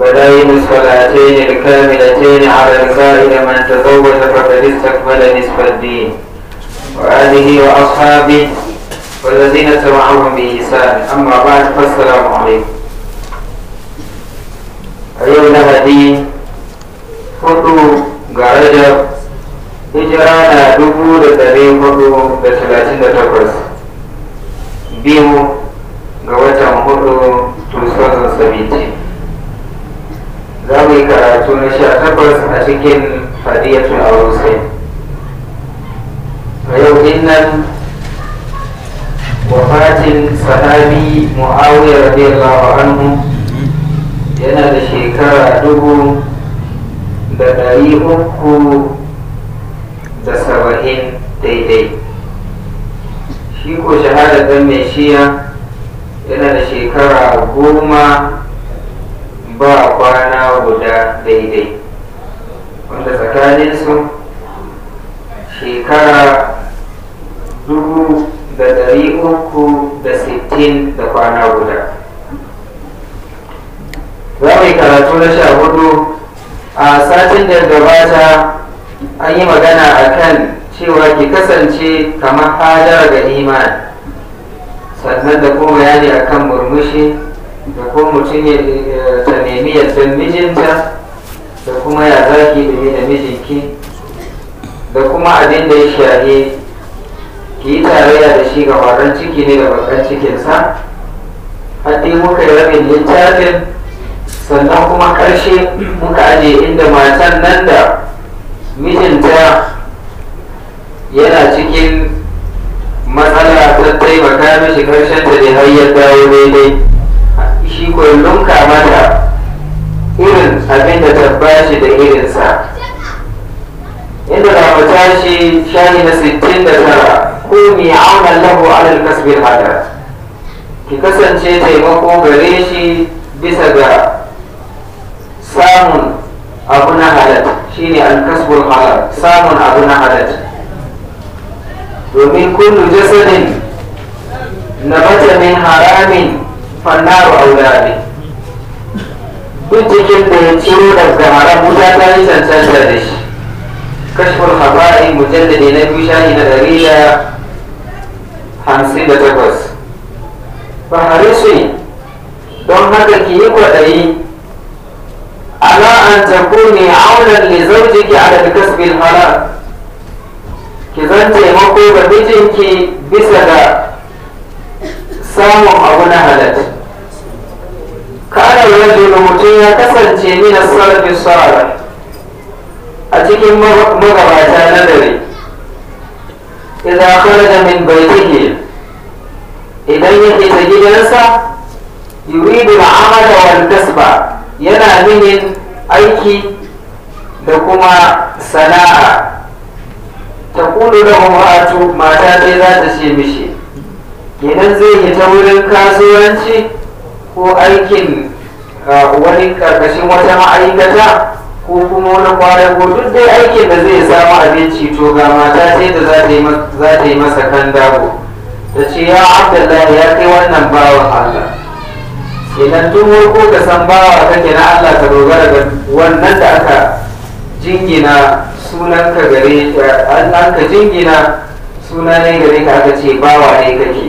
الجماعة الصلاتين الكاملتين على الزائد من تزوج فقد استكمل نصف الدين وآله وأصحابه والذين تبعهم بإحسان أما بعد فالسلام عليكم أيها الهدي فضو غرجة إجرانا hijira لتبين فضو بثلاثين تقرس بيمو غوتا talatin turistar sabiti za mu yi karatu na sha takwas a cikin fadiyatul aurusai a yau dinnan nan wafatin sahabi mu'awiyar radiyallahu anhu yana da shekara dubu da ɗari uku da saba'in daidai shi ko shahadar mai shiya yana da shekara goma ba kwana guda daidai wanda tsakanin su shekara dubu da dari uku da sittin da kwana guda za mu yi karatu na sha hudu a satin da gabata an yi magana a kan cewa ki kasance kamar hajar ga imani sannan da kuma a kan murmushi da kuma mutum ya ta nemi yardar mijinta da kuma ya zaki dame da mijinki da kuma abin da ya shaye ki yi tarayya da shi ga kwaron ciki ne da bakan cikinsa haddi muka yi rabin littafin sannan kuma ƙarshe muka aje inda matan nan da mijinta yana cikin matsala ta taimaka mishi karshen da ne har ya dawo daidai shi ko lunka mata irin abin da ta bashi da irinsa inda za mu tashi na sittin da tara ko mi auna lahu alal kasbin hada ki kasance taimako gare shi bisa ga samun abu na halal shine alkasbul halal samun abu na halal domin kullu jasadin na bata min haramin fannaru aula ne duk jikin da ya ciro daga haram wuta ta yi cancanta da shi kashfur habari mujallade na biyu shahi na dari da hamsin da takwas faharisu don haka ki yi kwaɗayi ala an takuni aunan li zaujiki ala kasbil halal ki zan taimako ga mijinki bisa ga samun abu na halal kana da mutum ya kasance ni na sarfi a cikin magabata na dare idan da min baitihi idan yake ta gidansa yuridu al wal tasba yana yin aiki da kuma sana'a taqulu lahu ra'atu mata ce za ta ce mishi kenan zai yi ta wurin kasuwanci ko aikin wani karkashin wata ma'aikata ko kuma wani kwanan ko duk dai aikin da zai samu abinci to ga mata ce da za ta yi masa kan dago ta ce ya abdullahi ya kai wannan bawan allah idan duk ko ka san bawa kake na allah ta dogara da wannan da aka jingina sunan ka gare an ka jingina suna ne gare ka aka ce ba wa ne kake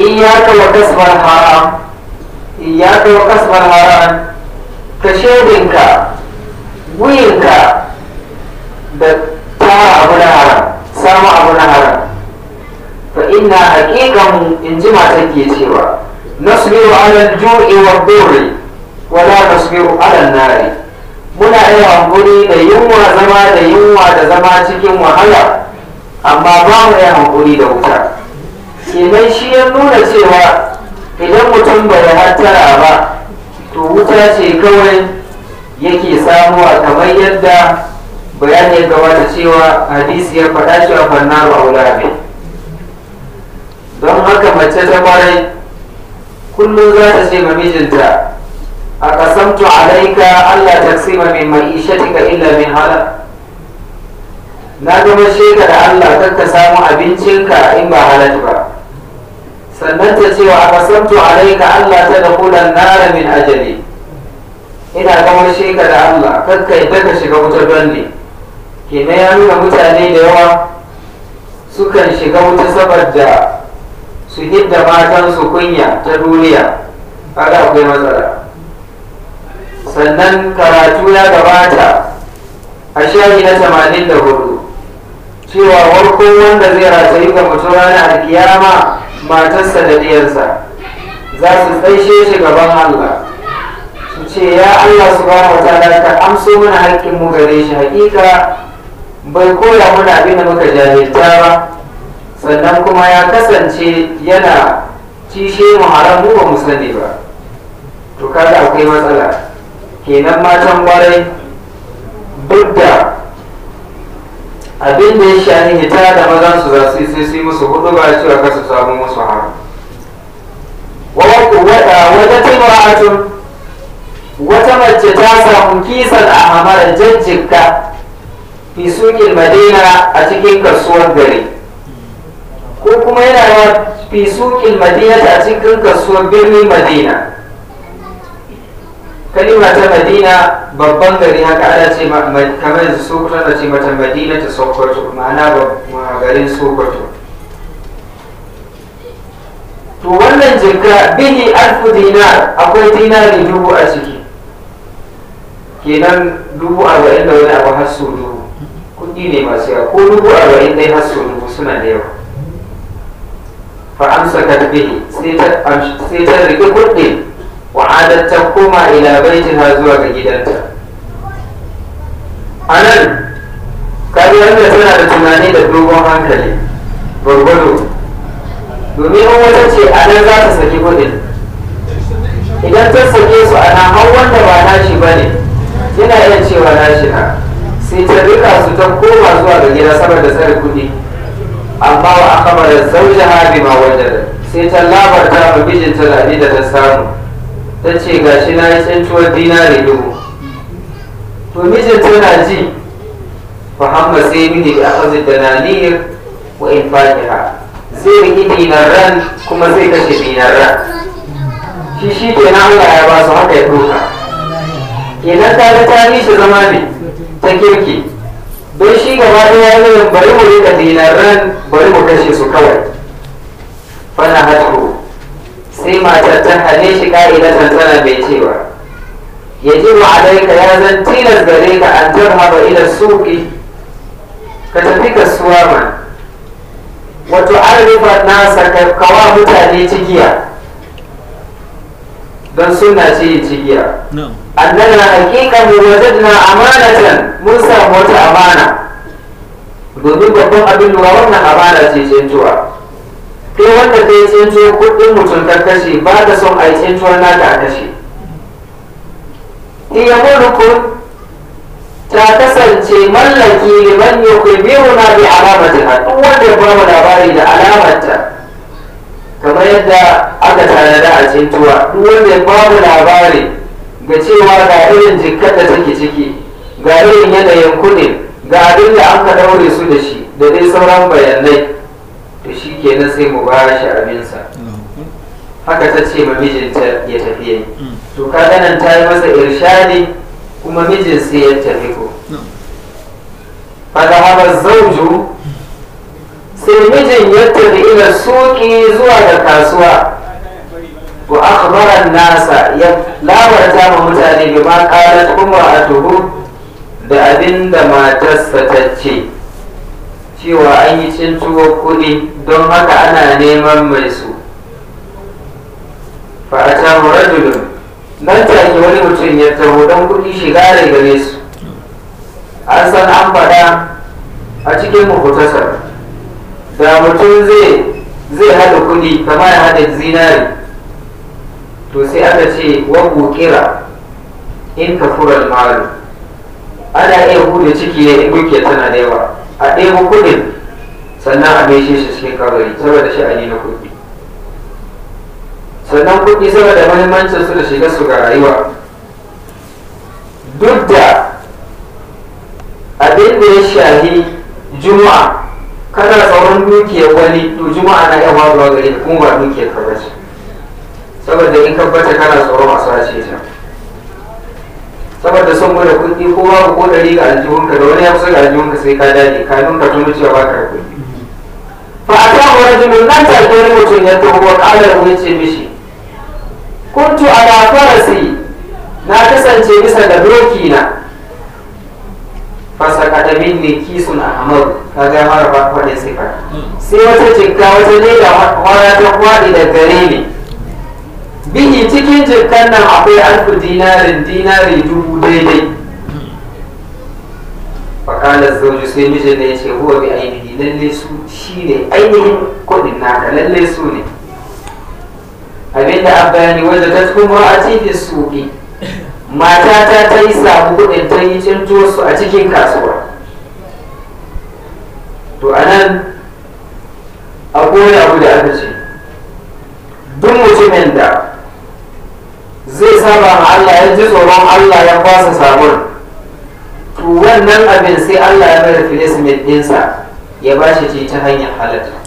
iyaka wa kasbar haram iyaka wa kasbar haram ka shaidinka wuyinka da tara abu na haram samu abu na haram fa inna haqiqan in ji mata ke cewa nasbiru ala al-ju'i wa ad-durri wa la nasbiru ala an-nari muna yin hankuri da yunwa zama da yunwa da zama cikin wahala amma ba mu yin hankuri da wuta kenan shi ya nuna cewa idan mutum bai hattara ba to wuta ce kawai yake samuwa kamar yadda bayani ya gabata cewa hadisi ya faɗa cewa fanna a wulabe don haka mace ta kwarai kullum za ta ce ga mijinta allah عليك ألا mai من ka illa من هذا na gama sheka da Allah kan ka samu abincinka in ba halatu ba sannan ta cewa a kasantu alaika Allah ta da kulan nara min ajali ina gama sheka da Allah kan ka yadda ka shiga wutar banne kenan ya nuna mutane da yawa sukan shiga wuta saboda su hidda matansu kunya ta duniya kaga akwai matsala sannan karatu ya gabata a shari na tamanin da hudu cewa warko wanda zai yi ga mutum ranar alkiyama matarsa da diyarsa za su tsaishe shi gaban Allah su ce ya Allah subhanahu tsada ka amso mana haƙƙin mu gare shi haƙiƙa bai koya mana abin da muka jahilta ba sannan kuma ya kasance yana cishe mu haramu ba mu sani ba to kada akwai matsala kenan matan kwarai duk da abin da ya shani hita da mazan su za su yi sai su yi musu hudu ba cewa kasu samu musu haram wata timra'atun wata mace ta samu kisan a hamarar jajjika fi sukin madina a cikin kasuwar gari ko kuma yana fi sukin madina a cikin kasuwar birnin madina kalima ta madina babban gari haka ana ce kamar yanzu sokoto ana ce mata madina ta sokoto ma'ana garin sokoto to wannan jirga bihi alfu dinar akwai dinari dubu a ciki kenan dubu arba'in da wani abu har sau dubu kuɗi ne masu yawa ko dubu arba'in dai har sau dubu suna da yawa fa amsa bihi sai ta riƙe kuɗin wa'adar ta koma ila baitiha zuwa ga gidanta a nan kariyar da tana da tunani da dogon hankali gwargwado domin in wata ce a nan za ta saki kudin idan ta sake su ana hau wanda ba nashi ba ne yana iya cewa nashi na sai ta rika su ta koma zuwa ga gida saboda tsare kudi amma wa aka mara zaujaha bi ma wajen sai ta labarta ma bijin da ta samu ta ce ga shi na yi tsantuwar dinari dubu to mijinta na ji muhammad sai mini da aka dananiyar wa in fakiha zai riƙi dinaran kuma zai kashe dinaran shi shi ke na Allah ya ba su haka ya ɗauka kenan ta ga ta shi zama ne ta kirki don shi gaba da ya bari mu riƙa dinaran bari mu kashe su kawai fana hatu sai matar ta hane shi ka'idatan tana mai cewa yajibu alaika ya zan tilas gare ka an tarhaba ila suki ka tafi ka suwa ma wato rufa nasa kawa mutane cikiya? don suna ce cigiya annana hakika mu wajadna amanatan mun samu wata amana domin babban abin ruwa wannan amana ce canjuwa sai wanda ta yi tsintuwar kudin mutum ta kashe ba da son a yi nata ta kashe iya mulkun ta kasance mallaki liman ya kulbiru na bi alamatin duk wanda ya mu labari da alamanta kamar yadda aka tanada a cintuwa duk wanda ya bamu labari ga cewa ga irin jikkar da take ciki ga irin yanayin kudin ga abin da an ka daure su da shi da dai sauran bayanai to shi kenan sai mu ba shi abinsa haka ta ce ma mijinta ya tafi yi mm. to ka nan ta yi masa irshadi kuma mijin sai ya tafi ko fada haba zauju sai mijin ya tafi ila suki zuwa ga kasuwa wa akhbaran nasa ya labarta ma mutane bi ma qalat umra'atuhu da tuhu. da matarsa ta ce cewa an yi cin tuwo kuɗi don haka ana neman mai su fa'ata rajulun nan ta yi wani mutum ya taho don kuɗi shiga da gare su an san an faɗa a cikin mahutasar da mutum zai zai haɗa kuɗi kamar ya haɗa zinari to sai aka ce wabu kira in ka furar malu ana iya hude ciki ya in tana da yawa a ɗaya kuɗin sannan a gaishe shi cikin kabari saboda sha'ani na kuɗi sannan kuɗi saboda mahimmancin su da shiga su ga rayuwa duk da abin da ya shahi juma'a kana tsawon dukiyar wani to juma'a na yawa zuwa gari da kuma ba dukiyar ka saboda in kabbata kana tsoron masu sace ta saboda son gwada kuɗi ko babu ko ɗari ga aljihunka da wani ya kusa ga aljihunka sai ka dade ka nuna ka tuno cewa ba ka kuɗi فأتاه رجل لا تلقوني متن وقال له يتي كنت على فرسي na kasance bisa da doki na. da mara ba sai wata jinka wata ta da ne bihi cikin jinkan nan akwai alfu dinarin dinari dubu daidai fakalar zauji sai mijin ya ce huwa bi ainihi lalle su shi ne ainihin na naka lalle su ne abinda an bayani wanda ta kuma a cikin suki mata ta yi samu kudin ta yi cinto su a cikin kasuwa to a nan akwai abu da aka ce duk mutumin da zai saba ma Allah ya ji tsoron Allah ya fasa sabon to wannan abin sai Allah ya bada placement ɗinsa ya ba shi ce ta hanyar halatta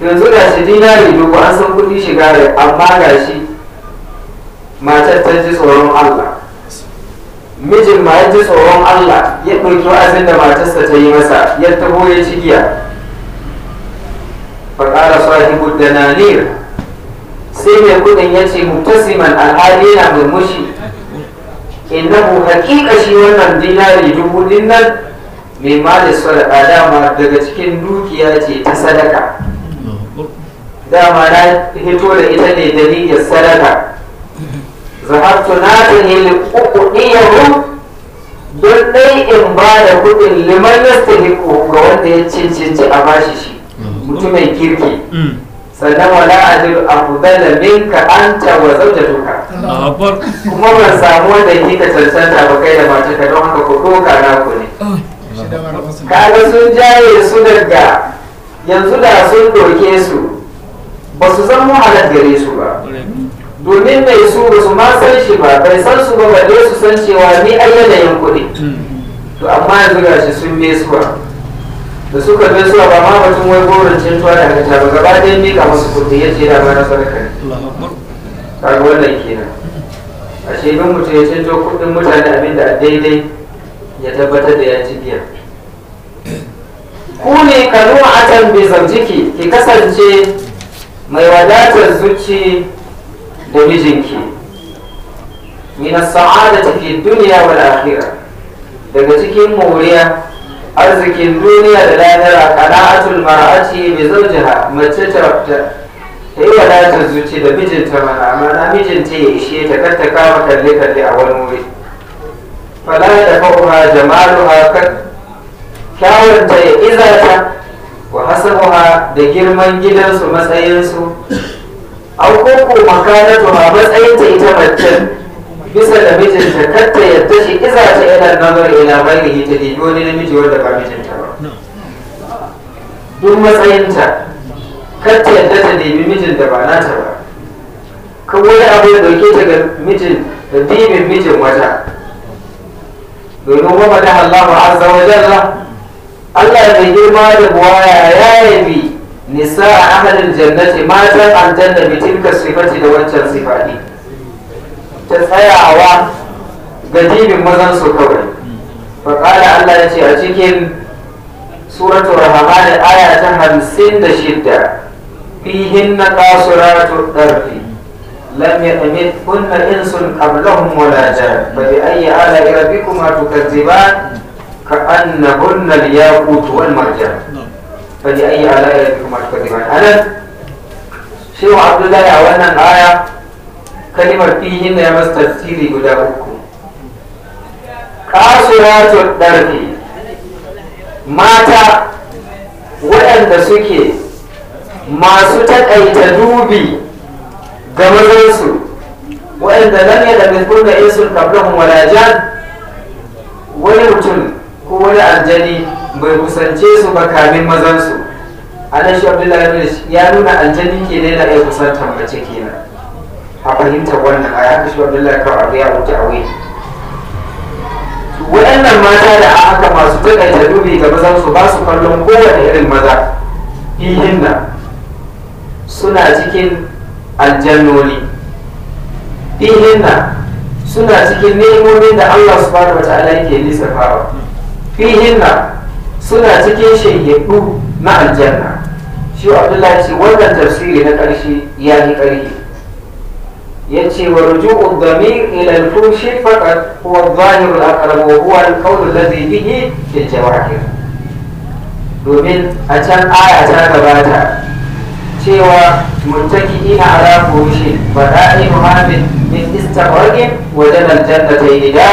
yanzu da shi dinari dubu an san kudi shiga da amma ga shi matar ta ji tsoron Allah mijin ma ya ji tsoron Allah ya ɗauki wa'azin da matarsa ta yi masa ya taho ya ci giya faƙara sahibu da nanir sai mai kudin ya ce mutasiman al'adina yana mushi. innahu hakika shi wannan dinari dubu din mai malis sadaka dama daga cikin dukiya ce ta sadaka dama na hito da ita ne dalilin sadaka zahabtu na ta hili uku don ɗai in ba da kuɗin liman yasta ga wanda ya cincinci a bashi shi mutumin kirki sannan wala ajir afdala minka anta wa duka. kuma ban samu wanda yake ka cancanta ba kai da ka don haka ku doka na ku ne ah, kaga sun jaye su daga yanzu da sun doke su ba su zan muhalar gare su ba domin mai su ba su ma san shi ba bai san su ba ba dai su san cewa ni ayyana yanayin kuɗi hmm. to amma yanzu shi sun mesuwa da suka bai suwa ba ma batun wai cin tuwa da aka ba gaba ɗaya mika masu kuɗi ya ce da ba na sadaka kaga wannan kenan a bin mutum ya tuwa kuɗin mutane abin da daidai ya tabbatar da ya ci biya ku ne ka nuna atan bai zaujiki ki kasance mai wadatar zuci da mijinki min da saadati duniya dunya wal akhirah daga cikin moriya arzikin duniya da lahira qana'atul mai bi zawjiha mace ta ta yi wadatar zuci da mijinta mana amma na mijinta ya ishe ta kar kama kalle kalle a wani wuri fala da fa'uha jamaluha kan kyawunta ya izata wa hasabuha da girman gidansu matsayinsu an koko makanatu a matsayinta ita macen bisa da mijinta katta yadda shi iza ta ila nazar ila ghairihi ta dibi wani namiji wanda ba mijinta ba duk matsayinta katta yadda ta dibi mijin da ba nata ba kan wani abu ya dauke ta ga mijin da dibin mijin wata domin da Allah Allahu azza wa jalla Allah bai girma da buwaya ya yabi nisa a ahalin jannati matan aljanna bi tilka sifati da wancan sifati ta tsayawa ga dinin mazan su kawai faƙala Allah ya ce a cikin suratul rahman aya ta hamsin da shidda fihin na kasuratu ɗarfi lam yadmit kunna insun qablahum wala jan fa bi ayyi ala rabbikuma tukadziban ka annahunna al-yaqut wal marjan fa bi ayyi ala rabbikuma tukadziban anan shi wa abdullahi a wannan aya kalimar fihin ya masu tafsiri guda uku kasuratun ɗarfi mata waɗanda suke masu taƙaita dubi ga mazansu waɗanda nan ya da kurga da isul walajan wani mutum ko wani aljani bai kusance su ba kamin mazansu a nan shi abdullahi ya nuna aljani ke ne na iya mace kenan a fahimtar wannan a haka shi abdullahi kawai abu wuce a wuyi waɗannan mata da aka masu masu taƙaita dubi ga mazan su ba su kallon kowane irin maza ihinna suna cikin aljannoni ihinna suna cikin nemomin da Allah subhanahu wa ta'ala yake lissafawa fihinna suna cikin shayyadu na aljanna shi abdullahi ce wannan tafsiri na ƙarshe ya yi ƙarfi يتي ورجوع الضمير إلى الفرش فقط هو الظاهر الأقرب وهو القول الذي به في الجواهر domin a can aya ta gabata cewa muntaki ina ala furushi ba da ni muhammin min istabargin wajen aljanna ta yi da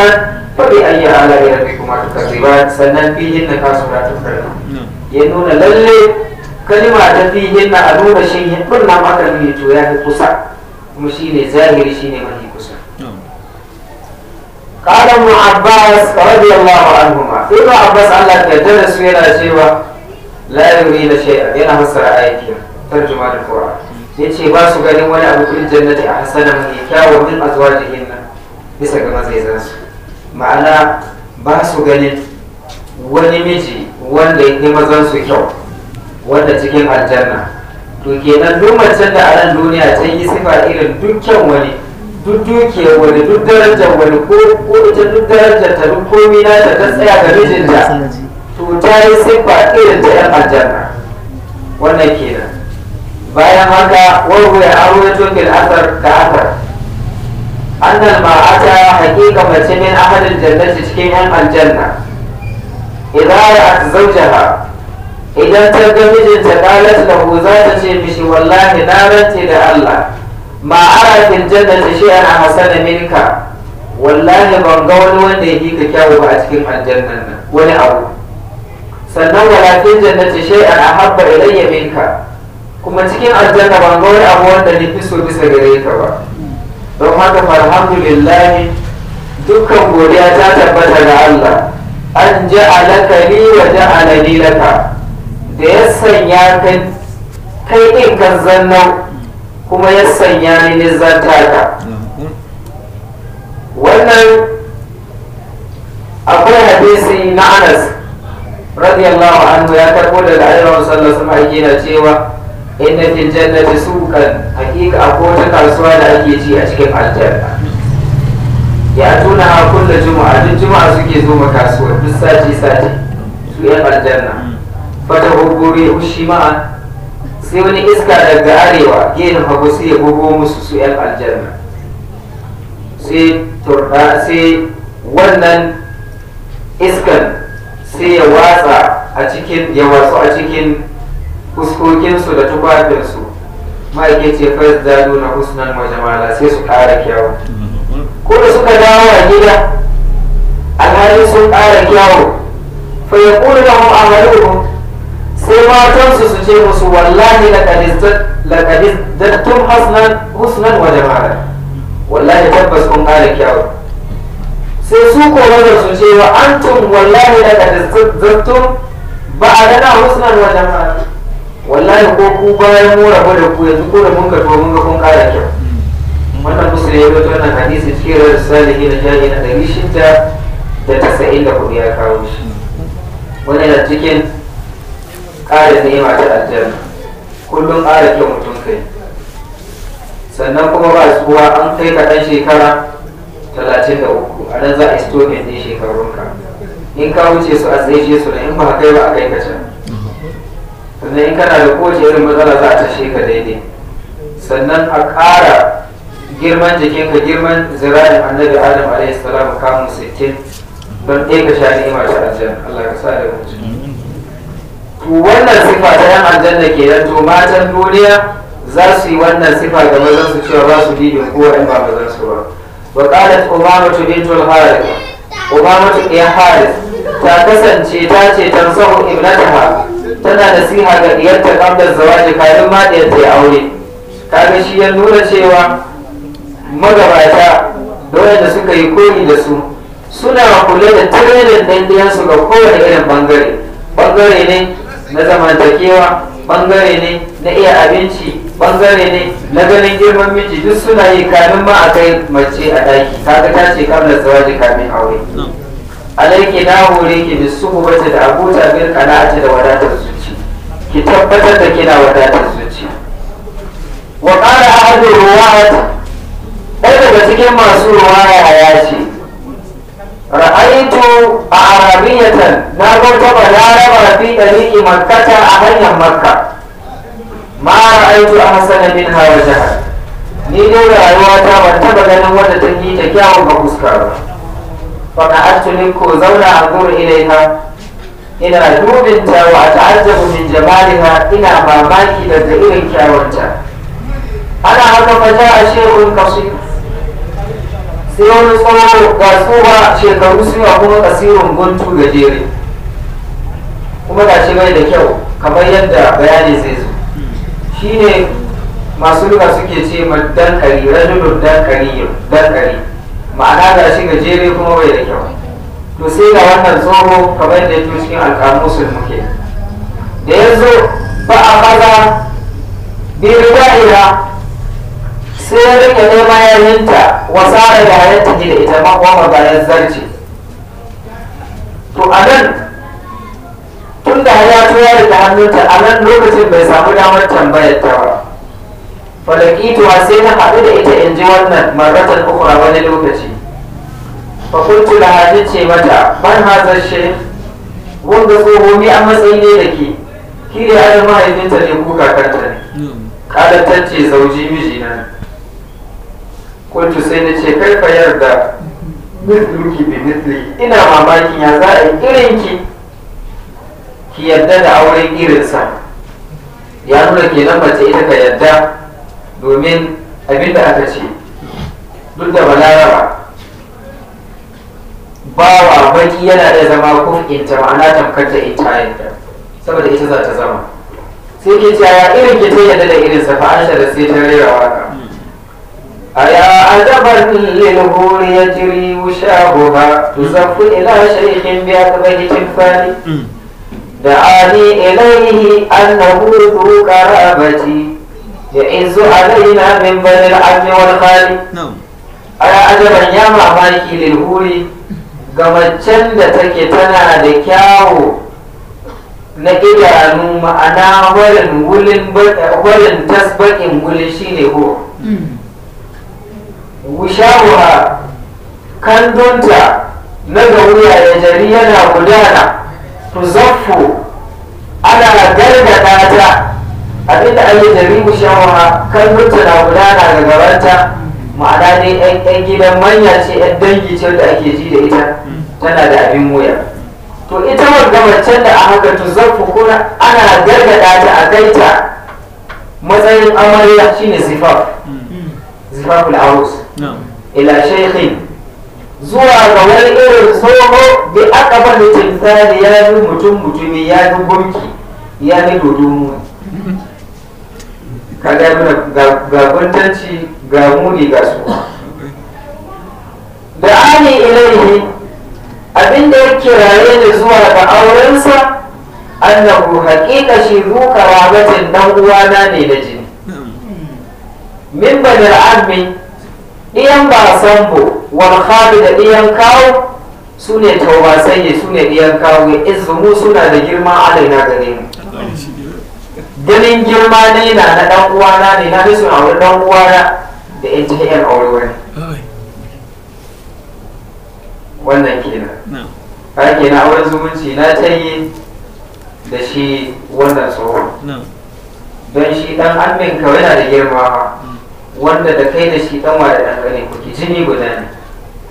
fa bi ayi ala ya rabbi kuma ta ba sannan fihin na kasura ya nuna lalle kalima ta fihin na a nuna shi ya kusa kuma shi ne zahiri shi ne mafi kusa mu rabi Allah wa رضي الله abbas Allah ta jana su yana cewa la'ayuri na shaida yana fassara ayatin tarjuma da Ya ce ba su ganin wani abu fil jannati a hasana mai kyawu min nan bisa ga mazaizan su ma'ana ba su ganin wani miji wanda ya yi mazan su kyau wanda cikin aljanna to kenan duk macen da a nan duniya ta yi sifa irin dukkan wani duk dukiyar wani duk darajar wani ko ko ita duk darajar ta duk komi na ta tsaya ga mijinta to ta yi sifa irin ta yan aljanna wannan kenan bayan haka warwa ya aro ya tokin asar ka asar annal ma'ata hakika mace min ahalin jannati cikin yan aljanna idara zaujaha zawjaha idan ta ga mijinta qalat ku za ta ce mishi wallahi na rance da Allah ma ara janna ta shi ana hasana minka wallahi ban ga wani wanda yake ka kyawu ba a cikin aljannan nan wani abu sannan wala fil jannati shay'an ahabba ilayya minka kuma cikin aljanna ban ga wani abu wanda ni fi so bisa gare ka ba don haka alhamdulillah dukkan godiya ta tabbata ga Allah an ja'alaka li wa ja'alani laka da ya sanya kai ɗin ka zanna kuma ya sanya ni zanta ka wannan akwai hadisi na anas radiyallahu anhu ya karbo daga ayyukan sun haike na cewa inna fil jannati kan hakika a wata kasuwa da ake ci a cikin aljanna ya tuna kulla juma'a duk juma'a suke zo ma kasuwa duk sati sati su yan aljanna fata hukuri shima sai wani iska daga arewa gehen hagu sai ya bugo musu su yan aljanna sai sai wannan iskan sai ya watsa a cikin ya watsu a cikin fuskokinsu da tufafinsu ma'aike ce fas zalu na husnan majamala sai su kara kyawu ko da suka dawo a gida alhali sun kara kyawu fa yaqulu lahum amaluhum sai matansu su ce musu wallahi laƙadis dattun husnan wa jama'a wallahi tabbas kun ƙara kyawu sai su kowane su ce wa antum wallahi laƙadis dattun ba a dana husnan wa jama'a wallahi ko ku bayan mu rabu da ku yanzu ko da mun ka mun ga kun ƙara kyau wannan musulmi ya rubuta wannan hadisi cikin salihi na jari na ɗari shida da tasa'in da kuɗi ya kawo shi Wani yana cikin ƙara nema ta aljanna kullum ƙara kyau mutum kai sannan kuma ba su kuwa an kai ka ɗan shekara talatin da uku a nan za a istomin ɗin shekarunka in ka wuce su a tsaye su na in ba kai ba a kai ka can sannan in kana da kowace irin matsala za a tashe ka daidai sannan a ƙara girman jikinka girman zirarin annabi adam alaihi salam kamun sittin don ɗaya ka sha ni'ima ta aljanna allah ka sa da mutum to wannan sifa ta yan aljanna nan to matan duniya za su yi wannan sifa ga maza su cewa ba su didin ko in ba mazan su ba wa qalat umamatu bintul harith tu ya harith ta kasance ta ce tansahu ibnataha tana nasiha ga diyarta qabla zawaji kafin ma ta yi aure kaga shi ya nuna cewa magabata dole da suka yi koyi da su suna kula da tirelin ɗan ga kowane irin bangare bangare ne na zamantakewa bangare ne na iya abinci bangare ne na ganin girman miji duk suna yi kamin ma a kai mace a daki kaga ta ce kamar zawaji kamin aure alaiki na hore ki bi su wace da abuta kana ce da wadatar zuci ki tabbatar da kina wadatar zuci wa qala ahadu ruwat daga cikin masu ruwaya ya ce ra'aitu a arabiyatan na ga taba laraba fi dalili makkata a hanyar makka ma ra'aitu a min hawaja ni dai rayuwa ta ban taba ganin wanda ta yi kyawun ga fuska ba ka actually ko zauna a gurin ilaiha ina dubinta wa ta'ajjabu min jamaliha ina mamaki daga irin kyawunta ana haka fa ja'a shay'un kasir sai wani tsawo ga tsoba shekaru suna kuma kasirin guntu gajere kuma da ce bai da kyau kamar yadda bayani zai zo shi ne masu luka suke ce ma dankari rajulun dankari dankari ma'ana da shi gajere kuma bai da kyau to sai ga wannan tsoro kamar da yake cikin alƙamusul muke da yanzu ba a maza bi riwa'ira sai ya rike neman yayinta wasara da halitta ji da ita kuma bayan zarce to a nan tun da ya tuwa da hannunta a nan lokacin bai samu damar tambayar ta ba falakituwa sai na haɗu da ita in ji wannan maratan ukura wani lokaci fakultu da hajji ce mata ban hazar shi wanda tsohomi a matsayi ne da ke kiri a mahaifinta ne kuka kakanta ne ƙadattacce hmm. zauji miji na kuntu sai na ce kai fa yarda mithluki bi misli?' ina mamakin ya za a yi irin ki ki yarda da auren irinsa ya nuna nan mace ita ka yarda domin abin da aka ce duk da balaraba bawa baki yana da zama kufinta ma'ana tamkar da ita yadda saboda ita za ta zama sai ke ce ya irin ki ta yarda da irinsa fa an shara sai ta rera waka أيا عجبا للهول يجري وشابها تزف إلى شيخ بأكبه تنفاني دعاني إليه أنه ذو كرامتي يعز علينا من بني العم والخالي أيا عجبا يا معمالك للهول gamacen da تكتنا tana da kyawo na idanu ma'ana warin tasbakin wulin shine ho wushawa kandunta na ga wuya jari yana gudana tuzaffu ana gargada ta abinda an yi jari wushawa kandunta na gudana da gabanta ma'ana ne yan gidan manya ce yan dangi ce da ake ji da ita tana da abin wuya to ita wanda macen da a haka tuzaffu kuna ana gargada ta a gaita matsayin amarya shine zifaf hmm. zifaful arus ila shaykhin zuwa ga wani irin tsoho da aka da tsari ya yi mutum mutumi ya yi gunki ya yi dodon dodomu ka ga ga muni ga su da ani ilaihi abinda ya kiraye da zuwa ga aurensa annahu haƙiƙa shi zu karabatin dan uwana ne da jini min badar ammi ɗiyan wani wal da ɗiyan kawo su ne sanye su ne ɗiyan kawo izumu suna da girma alaina gani. mu ganin girma ne na na ɗan uwana ne na na wani ɗan uwana da in ji aure wani wannan kenan ka kenan auren zumunci na ta yi da shi wannan tsohon don shi ɗan amin kawai na da girma wanda da kai da shi dan waye da dan kane kuke jini guda ne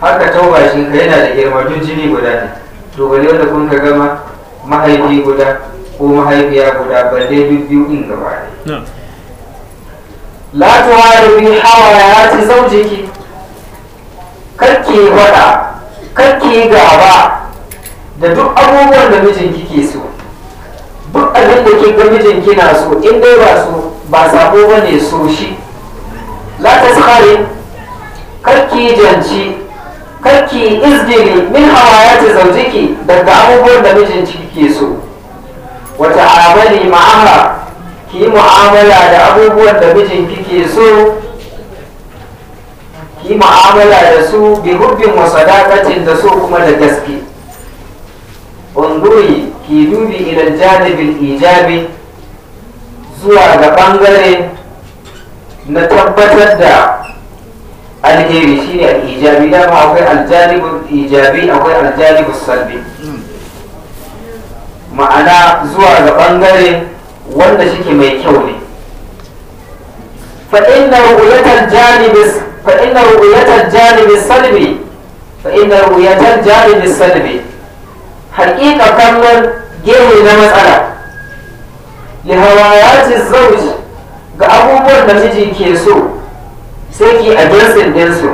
haka tauba shi kai yana da girma duk jini guda ne to bale wanda kun ka gama mahaifi guda ko mahaifiya guda balle duk biyu din gaba ne la tuwaru bi hawayati zawjiki karki wada karki gaba da duk abubuwan da mijinki ke so duk abin da ke ga mijinki na so in dai ba so ba sabo bane so shi la tsari karki janci karki izgili min hawa ya hawayati zawjiki daga abubuwan da mijin ke so wata amali ma'aha ki yi mu'amala da abubuwan da mijin ke so ki yi mu'amala da su bi hubbin wa sadaqatin da so kuma da gaske unduri ki dubi ila janibin ijabi zuwa ga ɓangare na tabbatar da alheri shine al-ijabi da ma akwai al-jalibu ijabi akwai al salbi ma'ana zuwa ga bangare wanda shike mai kyau ne fa inna ru'yatal janibi fa salbi fa inna ru'yatal salbi haqiqa kallon gehe na matsala li hawayati zauji. ga abubuwan da miji ke so sai ki a jinsin dinsu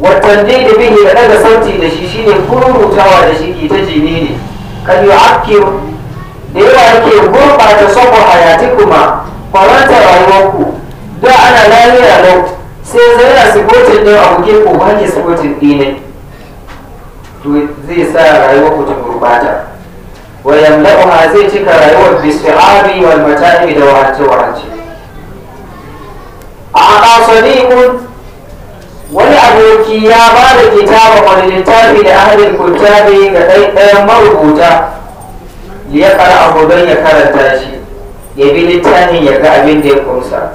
watan da bihi da daga sauti da shi shine kururutawa da shi ki ta jini ne kan yu'akkir da yawa yake gurɓata sabo kuma faranta rayuwarku da ana lafiya lau sai zai na sigotin ɗin abu ke ko ba ke sigotin ɗine to zai sa rayuwarku ta gurɓata wa yamla'uha zai cika rayuwar bisu'abi wal mata'i da wahance-wahance. a mun. wani aboki ya ba da kitaba wani littafi da ahalin kutabi ga ɗayan marubuta ya kara abu don ya karanta shi ya bi littafin ya ga abin da ya kunsa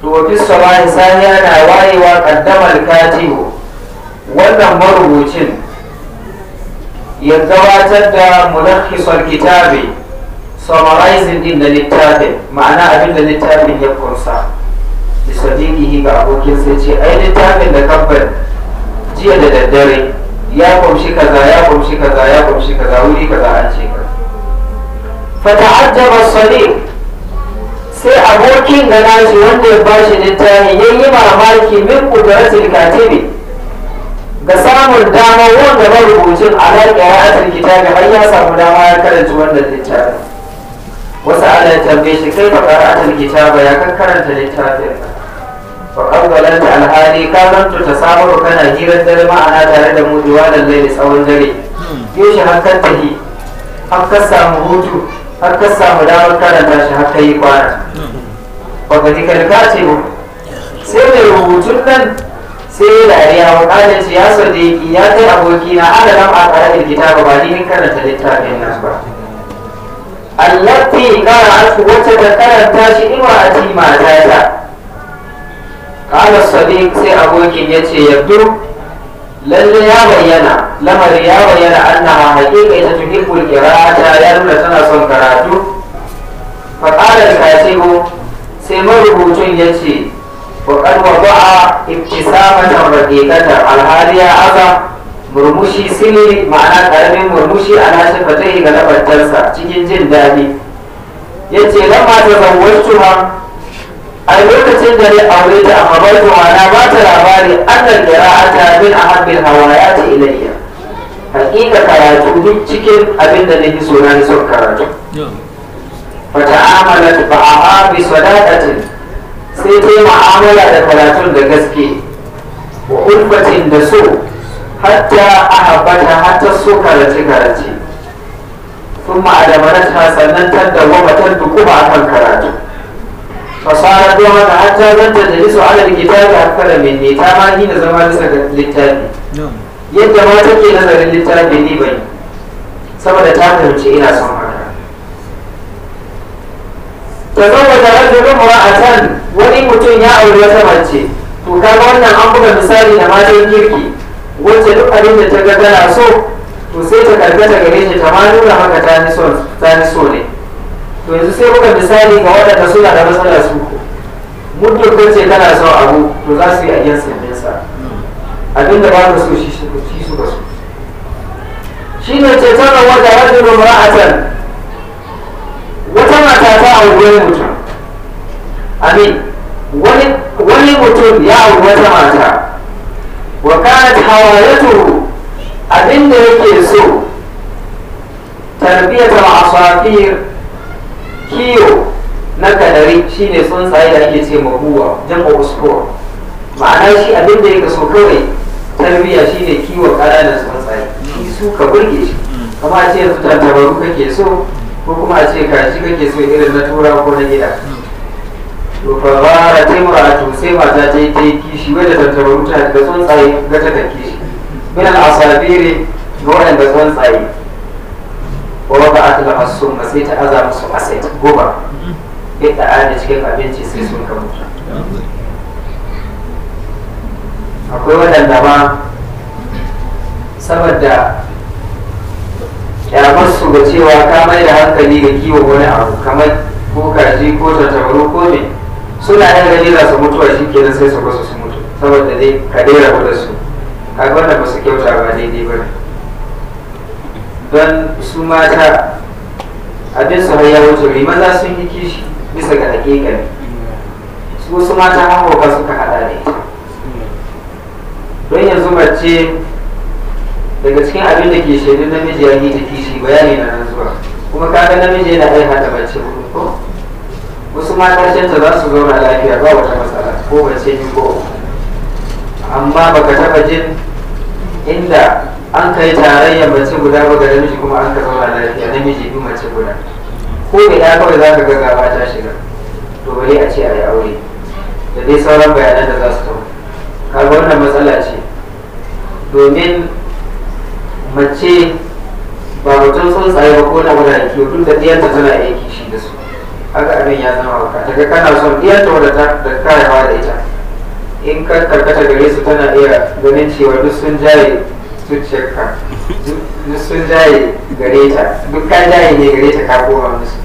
to fi sama'i saniya na wayewa kaddamar katibu wannan marubucin ya gabatar da mulakhisar kitabi summarizing ɗin da littafin ma'ana abin da littafin ya kunsa sadiqihi ga abokin sai ce ai littafin da kabbar jiya da daddare ya kumshi kaza ya kumshi kaza ya kumshi kaza wuri kaza an ce ka ta'ajjaba sadiq sai abokin ga nashi wanda ya bashi littafi ya yi mamaki min kudratil katibi ga samun dama wanda marubucin alaƙa ya asir kitabi har ya samu dama ya karanta wannan littafin wasu ala tambaye shi kai ba kara'atul kitaba ya kan karanta littafin faƙar balanta alhali ka zanto ta samar kana jiran dare ma'ana tare da mu diwalan laili tsawon dare yoshi hankar ta tahi har ka samu hutu har ka samu damar karanta shi har ka yi kwana wakati kalka ce ba. sai mai rubutun nan sai ya dariya wa ƙalin su ya so da yaki ya kai aboki na ana nan a tare da ba ba ni in karanta littafin nan ba allati qara asu wacce ta karanta shi ima a ti mata ta قال sai سي أبوكي يتي يبدو lalle ya bayyana lamari ya bayyana annaha haƙiƙa ita tuhibbul qira'ata ya nuna tana son karatu fa qala al sai marubucin yace wa a wada'a ibtisaman raqiqatan al-hadiya aza murmushi sili ma'ana ƙaramin murmushi ana shafa yi ga labartarsa cikin jin daɗi yace wasu tazawwajtuha a lokacin da ya aure ta a habarta na ba ta labari an da a min a habbin hawa ya ta ilayya hakika karatu duk cikin abin da nake so na ni son karatu fata amala ta ba'a bi sadaqatin sai ta yi da karatun da gaske wa ulfatin da so hatta a habbata hatta so karace karace sun ma'adamanata sannan ta dawwama ta dukuma akan karatu fasarar don haka har ta zanta da nisu ala kitabi mai ne ta ma ni na zama nisa ga littafi yadda ma take nazarin littafi ni bane saboda ta fahimci ina son haka ta zama da a can wani mutum ya auri wata mace to kaga wannan an buga misali da matan kirki wacce duk abin da ta ga tana so to sai ta karkata gare shi ta ma nuna haka ta ni so ne to yanzu sai muka misali ga waɗanda suna da matsala su muddin ko ce tana son abu to za su yi a yan sandan sa abin da ba ka so shi shi su ba su shi ne ce tana wata rajin mura'atan wata mata ta aure mutum amin wani mutum ya aure wata mata wa kanat hawayatu abin da yake so tarbiyatul asafir kiyo na kadari shine tsuntsaye da ake ce mahuwa jam'a uskuwa ma'ana shi abin da ya kaso kawai tarbiyya shine kiwo ƙananan tsuntsaye shi su ka burge shi kuma a ce yanzu tantabaru kake so ko kuma a ce kashi kake so irin na tura ko na gida to fa bara taimuratu sai mata ta yi ta yi kishi wadda tantabaru ta da tsuntsaye ga ta kishi minan al-asabiri ga waɗanda tsuntsaye sai ta لها السم سيت أذى goma سيت قبر cikin abinci sai sun ka mutu. akwai waɗanda ma saboda kyamarsu ga cewa ka mai da hankali ga kiwo wani abu kamar ko kaji ko tattabaru ko me suna yin gani za su mutuwa shi kenan sai su kwasu su mutu saboda dai ka dera su kaga wannan ba su kyauta ba daidai ba ne don su mata abin su har ya wuce mai maza sun yi kishi bisa ga ne su wasu mata an hawa suka hada da ita don yanzu mace daga cikin abin da ke shaidu namiji ya yi da kishi bayani na nan zuwa kuma kaga namiji yana aiha da mace ko wasu mata canza za su zauna lafiya ba wata matsala ko mace ni ko amma baka taba jin inda an kai tarayyar mace guda ba ga namiji kuma an ka zauna lafiya namiji bi mace guda ko me ina kawai za ka ga gaba ta shiga to bari a ce a yi aure da dai sauran bayanan da za su tafi kaga wannan matsala ce domin mace ba mutum tsuntsaye ba ko na wani kiwo tun da ɗiyarta tana aiki shi da su haka abin ya zama baka daga kana son ɗiyarta wadda ta kayawa da ita in ka karkata gare su tana iya ganin cewa duk sun jaye zuciyarka duk gare ta duk ka jaye ne gare ta ka koma musu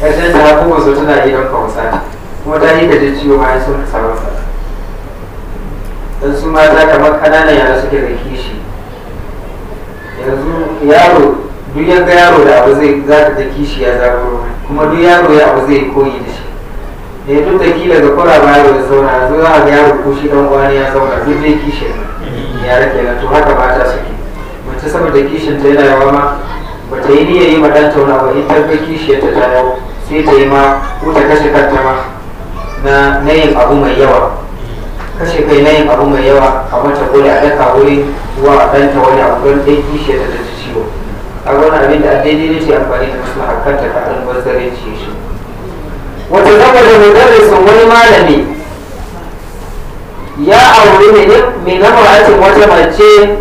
ƙarshen ta koma su tana gidan kawusa kuma ta yi ka ji ciwo bayan sun samu sa don su mata kamar ƙananan yara suke da kishi yanzu yaro duk yanga yaro da abu zai za ka ta kishi ya zaro kuma duk yaro ya abu zai koyi da shi ne eh, duk da kila ga kura ba yaro ya zauna yanzu za a ga yaro ko shi ɗan uwa ne ya zauna duk zai kishi yare kenan to haka mata suke mace saboda kishin ta yana yawa ma ba ta yi niyyar yi ma ɗan tauna ba in tarbe kishiyar ta ta yawo sai ta yi ma ko ta kashe kanta ma na nayin abu mai yawa kashe kai nayin abu mai yawa a mata kole a daka wuri ruwa a ɗanta wani abu don ɗan kishiyar ta ta ci ciwo a wani abin da daidai ne ce amfani da masu hakanta ka an bazzare ci shi wata zama da sun wani malami ya auri mai na mawacin wata mace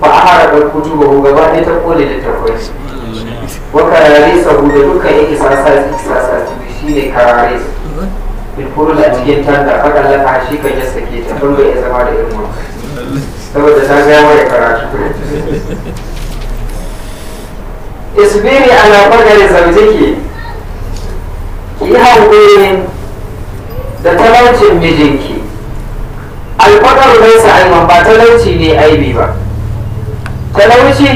ba a hara da kutu ba gaba ɗaya ta kone da tafai waka yare sabu da sati isa sati da shi ne karare su kuru a cikin tanda haka laka shi kan ya sake ta don bai zama da irin saboda ta gaya wani karatu isbiri ana fadar zaujiki ki hankuri da talaucin mijinki alfadar bai sa'aiman ba talauci ne aibi ba talauci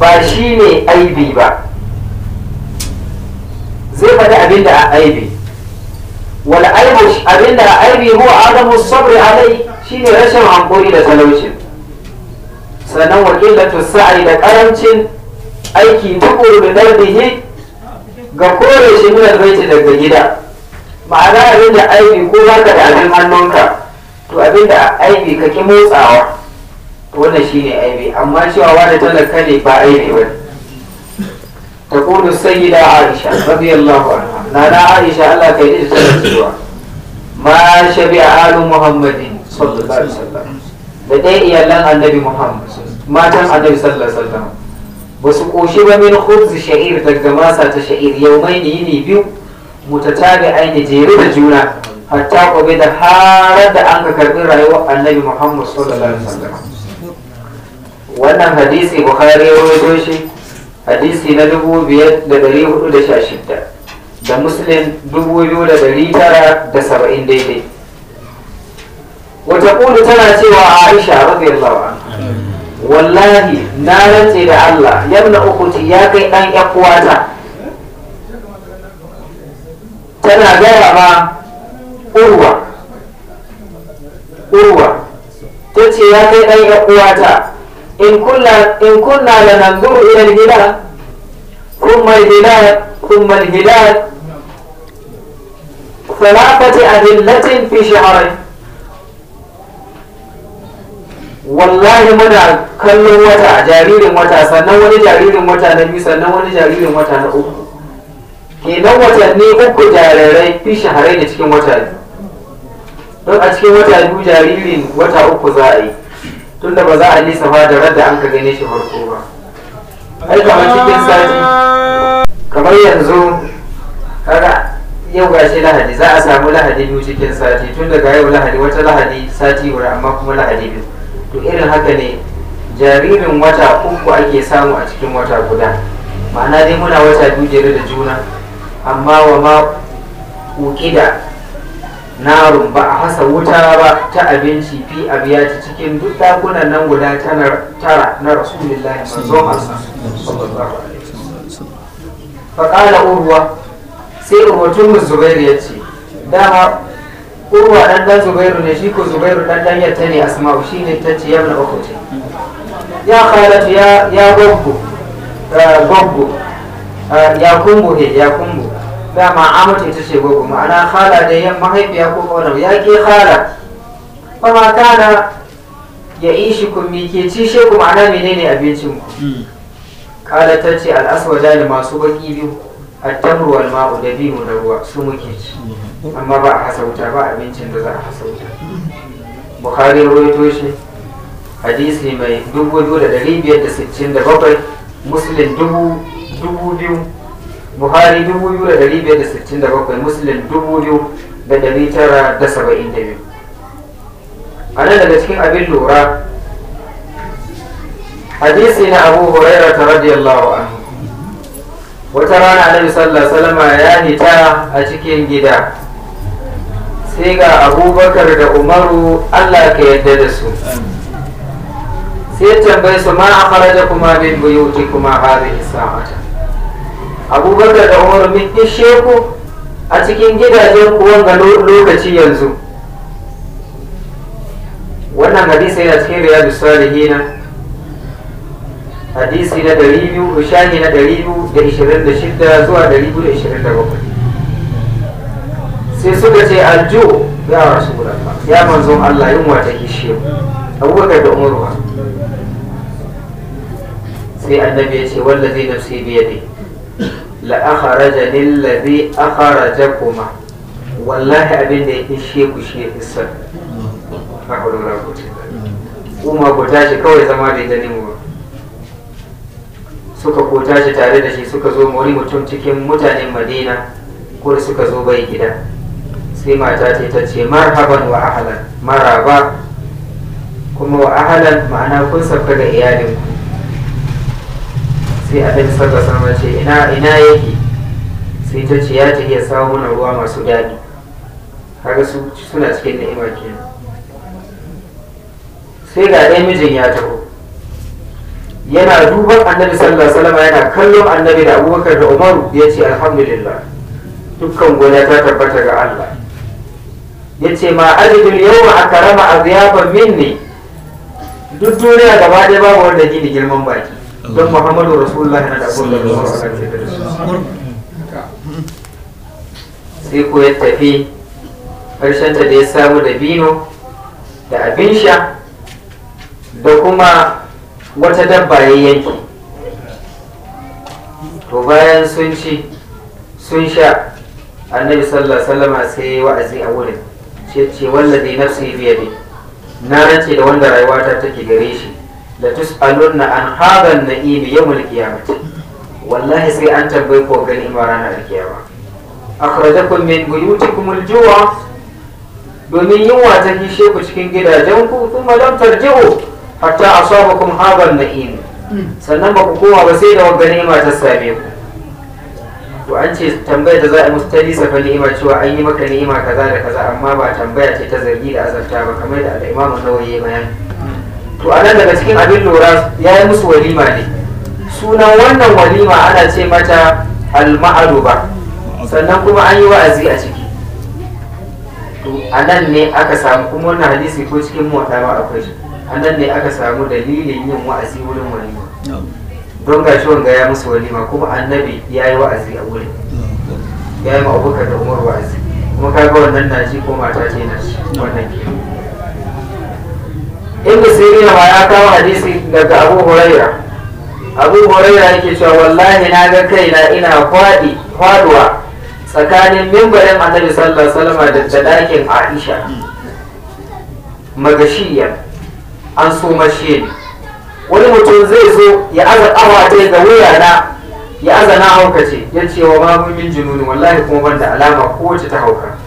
ba shi ne aibi ba zai faɗi abin da a aibi wal aibush abin da a aibi ko adamu sabri alai shi ne rashin hankuri da talaucin sannan wakilatu sa'ai da karancin aiki tukuru da dardihi ga kore shi zai albaiti daga gida ma'ana abin da aibi ko za ka da abin hannunka to abin da aibi ka ki motsawa to wannan shi ne aibi amma cewa wani talaka ne ba aibi ba ta kudu sayyida aisha radiyallahu Allahu. na na aisha Allah ka yi da tana cewa ma shabi alu muhammadin sallallahu alaihi wasallam da ɗaya iyalan annabi muhammad matan annabi sallallahu alaihi wasallam ba su koshi ba min khubz sha'ir daga masa ta sha'ir yau mai ne biyu mutatabi'aini jere da juna hatta kobe da harar da an ka karbi rayuwar annabi muhammad sallallahu alaihi wasallam wannan hadisi bukhari ya rawaito shi hadisi na dubu biyar da dari hudu da sha shidda da muslim dubu biyu da dari tara da saba'in daidai wata kulu tana cewa aisha radiyallahu anha wallahi na rantse da allah yamna ukuti ya kai dan yakuwata tana gaya ma urwa urwa ta ce ya kai ɗan uwata in kunna da nan zuru ilal gida kummar gida kummar hilal ثلاثة أدلة في شهرين wallahi muna kallon wata jaririn wata sannan wani jaririn wata na biyu sannan wani jaririn wata na uku kenan watanni uku jarirai fi shaharai da cikin wata biyu don a cikin wata biyu jaririn wata uku za a yi tunda ba za a nisa ba da radda an ka gane shi farko ba ai kamar cikin sati kamar yanzu kaga yau ga shi lahadi za a samu lahadi biyu cikin sati tun daga yau lahadi wata lahadi sati wuri amma kuma lahadi biyu to irin haka ne jaririn wata uku ake samu a cikin wata guda ma'ana dai muna wata biyu jere da juna amma wa ma da narun ba a hasa wuta ba ta abinci fi abiyati cikin duk dakunan nan guda tara na rasulullahi sallallahu alaihi faƙala urwa sai mutumin zubairu ya ce dama urwa ɗan ɗan zubairu ne shi ko zubairu ɗan ɗan yatta ne asma'u shi ne ta ce yamna uku ya khalatu ya ya gobbo eh, gobbo eh, ya kumbuhe ya dama amince ta ce gogo ma'ana khala da yan mahaifiya ko ƙaunar ya ke khala ba ma kana ya ishi kun mi ke ci shi ku ma'ana menene abincin ku hmm. kala ta ce al'aswada da masu baki biyu a wal ma'u da biyu da ruwa su muke ci hmm. amma ba a hasauta ba abincin da za a hasauta bukari rawaito shi hadisi mai dubu biyu da dari biyar da sittin da bakwai muslim dubu dubu biyu buhari 2567 muslim biyu a nan daga cikin abin lura hadisi na abu huraira ta radiyallahu anhu wata rana annabi sallallahu alaihi ya hita a cikin gida sai ga abubakar da umaru allah ka yadda da su sai tambayi su ma a kuma bin buyuti kuma hadhihi sa'ata abubakar da umar min sheku a cikin gidajen kuwan ga lokaci yanzu wannan hadisa yana cikin riyadu salihina hadisi na ɗari biyu shahi na ɗari biyu da ishirin da shidda zuwa ɗari biyu da ishirin da bakwai sai suka ce aljo ya rasu ya manzo Allah yin wata kishiyo abubakar da umarwa sai annabi ya ce zai nafsi ne. la'akharaja lillazi akharajakuma wallahi abin da ya ishe ku shi ya ku kuma ku tashi kawai zama da gani mu suka ko tashi tare da shi suka zo wani mutum cikin mutanen madina ko suka zo bai gida sai mata ce ta ce marhaban wa ahalan maraba kuma wa ahalan ma'ana kun sabka ga iyalinku sai annabi sallallahu alaihi wasallam ce ina ina yake sai ta ce ya ta iya samu ruwa masu daɗi har su suna cikin ni'ima kenan sai ga ɗaya mijin ya taho yana duban annabi sallallahu alaihi wasallam yana kallon annabi da abubakar da umaru ya ce alhamdulillah dukkan gona ta tabbata ga allah ya ce ma ajidul yau a karama a ziyafa minni duk duniya gaba ɗaya babu wanda gini girman baki don muhammadu rasulullahi na da kullum sai ko ya tafi harshen ta da ya samu da bino da abin sha da kuma wata dabba ya yanki to bayan sun ci sun sha annabi sallallahu alaihi wasallama sai wa'azi a wurin ce ce wallazi nafsi ne. na rance da wanda rayuwata take gare shi da tus'alunna an hadha an-na'im yawm qiyamah wallahi sai an tambaye ko gani ma ranar akhrajakum min buyutikum al domin yunwa ta hishe ku cikin gidajenku kuma lam tarji'u hatta asabakum hadha naim sannan ba ku koma ba sai da wagga ma ta same ku to an ce tambaya da za a musu ta lissafa ni'ima cewa an yi maka ni'ima kaza da kaza amma ba tambaya ce ta zargi da azabta ba kamar da al-imamu nawawi ya bayani to a nan daga cikin abin lura ya yi musu walima ne sunan wannan walima ana ce mata ba, sannan kuma an yi wa'azi a ciki to a nan ne aka samu kuma wannan hadisi ko cikin mota ma akwai shi a nan ne aka samu dalilin yin wa'azi wurin walima don ga shi wanga ya musu walima kuma annabi ya yi wa'azi a wurin ya yi ma da umar wa'azi kuma kaga wannan na ji ko mata ce na shi wannan ke inda sirina ma ya kawo hadisi daga abu huraira abu huraira yake cewa wallahi na ga kaina ina kwadi kwaduwa tsakanin mimbarin annabi sallallahu alaihi wasallam da dakin aisha magashiya an so mashi ne wani mutum zai zo ya aza ta ga wuya na ya aza na haukace ya ce wa ma min wallahi kuma ban da alama kowace ta hauka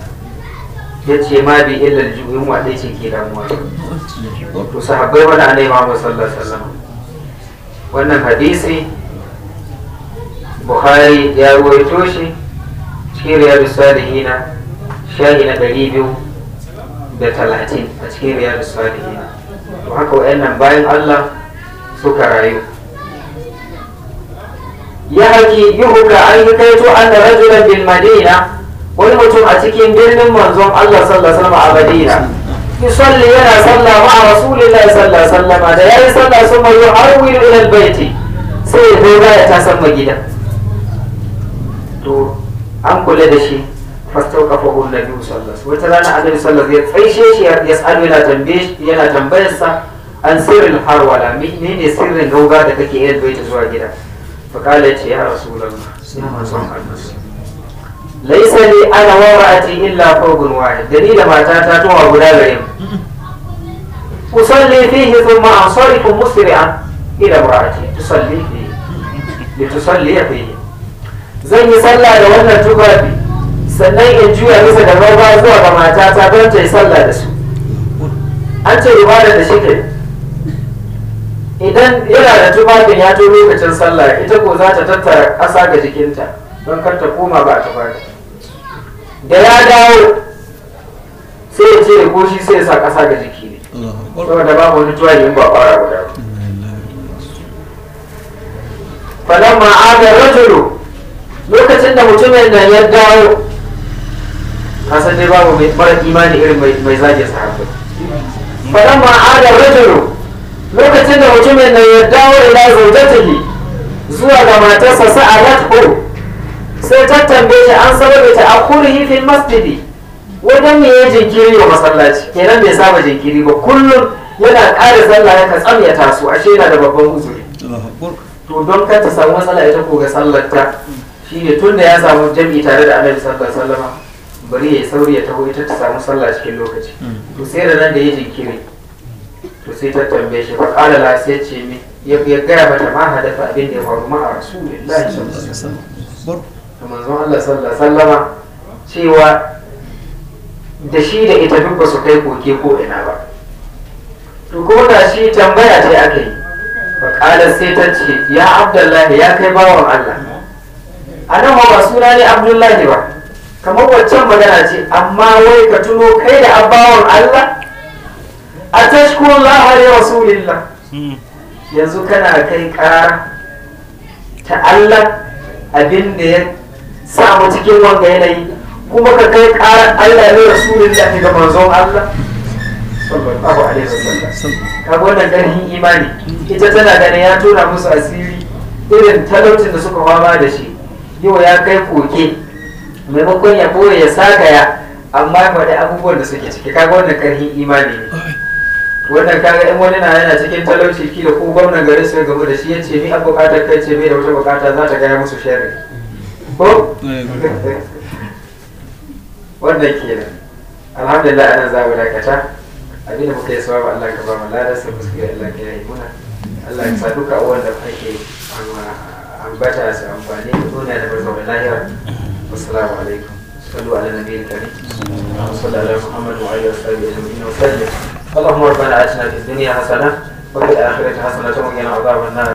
ya ce ma bi illa da wa ce ke damuwa to sahabbai wani alai ma musallar sallam wannan hadisi buhari ya ruwaito shi cikin riyadu salihina shahi na ɗari biyu da talatin a cikin riyadu salihina to haka wa'annan bayan allah suka rayu ya haki yi huka an yi kaito an da rajulan bin madina wani mutum a cikin birnin manzon Allah sallallahu alaihi a Madina yusalli yana sallah ma'a salla sallallahu alaihi da yayi salla sun mai yuhawwilu ila albayti sai ya zo ya ta san gida to an kula da shi ka fastauqafahu na sallallahu alaihi wata rana annabi sallallahu alaihi ya tsaye shi ya salu yana tambaye shi yana tambayar sa an sirrin harwala ne sirrin gauga da kake yin baiti zuwa gida fa kala ce ya rasulullah sai manzon Allah laisa li ana wara'ati illa fawqun wahid dani da mata ta tuwa guda gare mu usalli fihi thumma ansarifu musri'an ila imra'ati tusalli fihi tusalli fihi zan yi sallah da wannan tufafi sannan in juya bisa da barba zuwa ga ta don ta yi sallah da su an ce ibada da shi ke idan yana da tufafin ya to lokacin sallah ita ko za ta tattara ƙasa ga jikinta don kar ta koma ba ta bada da ya dawo sai ya ce ko shi sai ya sa ƙasa ga jiki ne saboda babu wani tuwa yin ba fara guda a ga rajulu lokacin da mutumin nan ya dawo kasan dai babu mai fara imani irin mai zage ma a ga rajulu lokacin da mutumin nan ya dawo ila yi zuwa ga matarsa sa'alat ko sai ta tambaye shi an sababe ta akurihi fil masjidi wajen ne ya jinkiri wa masallaci kenan bai saba jinkiri ba kullum yana ƙara sallah ya tsam ta su ashe yana da babban uzuri to don kar ta samu matsala ita ko ga sallar ta shine tun da ya samu jami'i tare da annabi sallallahu alaihi wasallam bari ya sauri ya taho ita ta samu sallah cikin lokaci to sai da nan da ya jinkiri to sai ta tambaye shi fa qala la sai ce mi ya gaya mata ma hadafa abin da ya faru ma a rasulullahi sallallahu alaihi wasallam ga manzon Allah sallallahu alaihi wasallama cewa da shi da ita duk ba su kai koke ko ina ba to ko da shi tambaya ce aka yi bakalar sai ta ce ya abdullahi ya kai bawan Allah a nan ba suna ne abdullahi ba kamar waccan magana ce amma wai ka tuno kai da abawan Allah a tashkun lahari rasulillah yanzu kana kai kara ta Allah abin da ya samu cikin wanga yanayi kuma ka kai ƙarar Allah ne rasulun da ga manzon Allah sallallahu alaihi wasallam kaga wannan ganin imani ita tana ganin ya tona musu asiri irin talaucin da suka fama da shi yau ya kai koke maimakon ya boye ya sagaya amma ya faɗi abubuwan da suke ciki kaga wannan karhin imani ne wannan kaga in wani na yana cikin talauci da ko gwamnan gari su gaba da shi ya ce ni a kai ce mai da wata bukata za ta gaya musu sharri ko wannan kenan alhamdulillah ana za mu dakata abinda muka yi sababa Allah ka ba mu ladarsa kuskure Allah ka yi muna Allah ya sa duka wanda ake ambata su amfani da duniya da barzawa lahira assalamu alaikum صلوا على النبي الكريم a على محمد وعلى وصحبه اجمعين وسلم اللهم ربنا اتنا في الدنيا حسنه وفي الاخره حسنه وقنا عذاب النار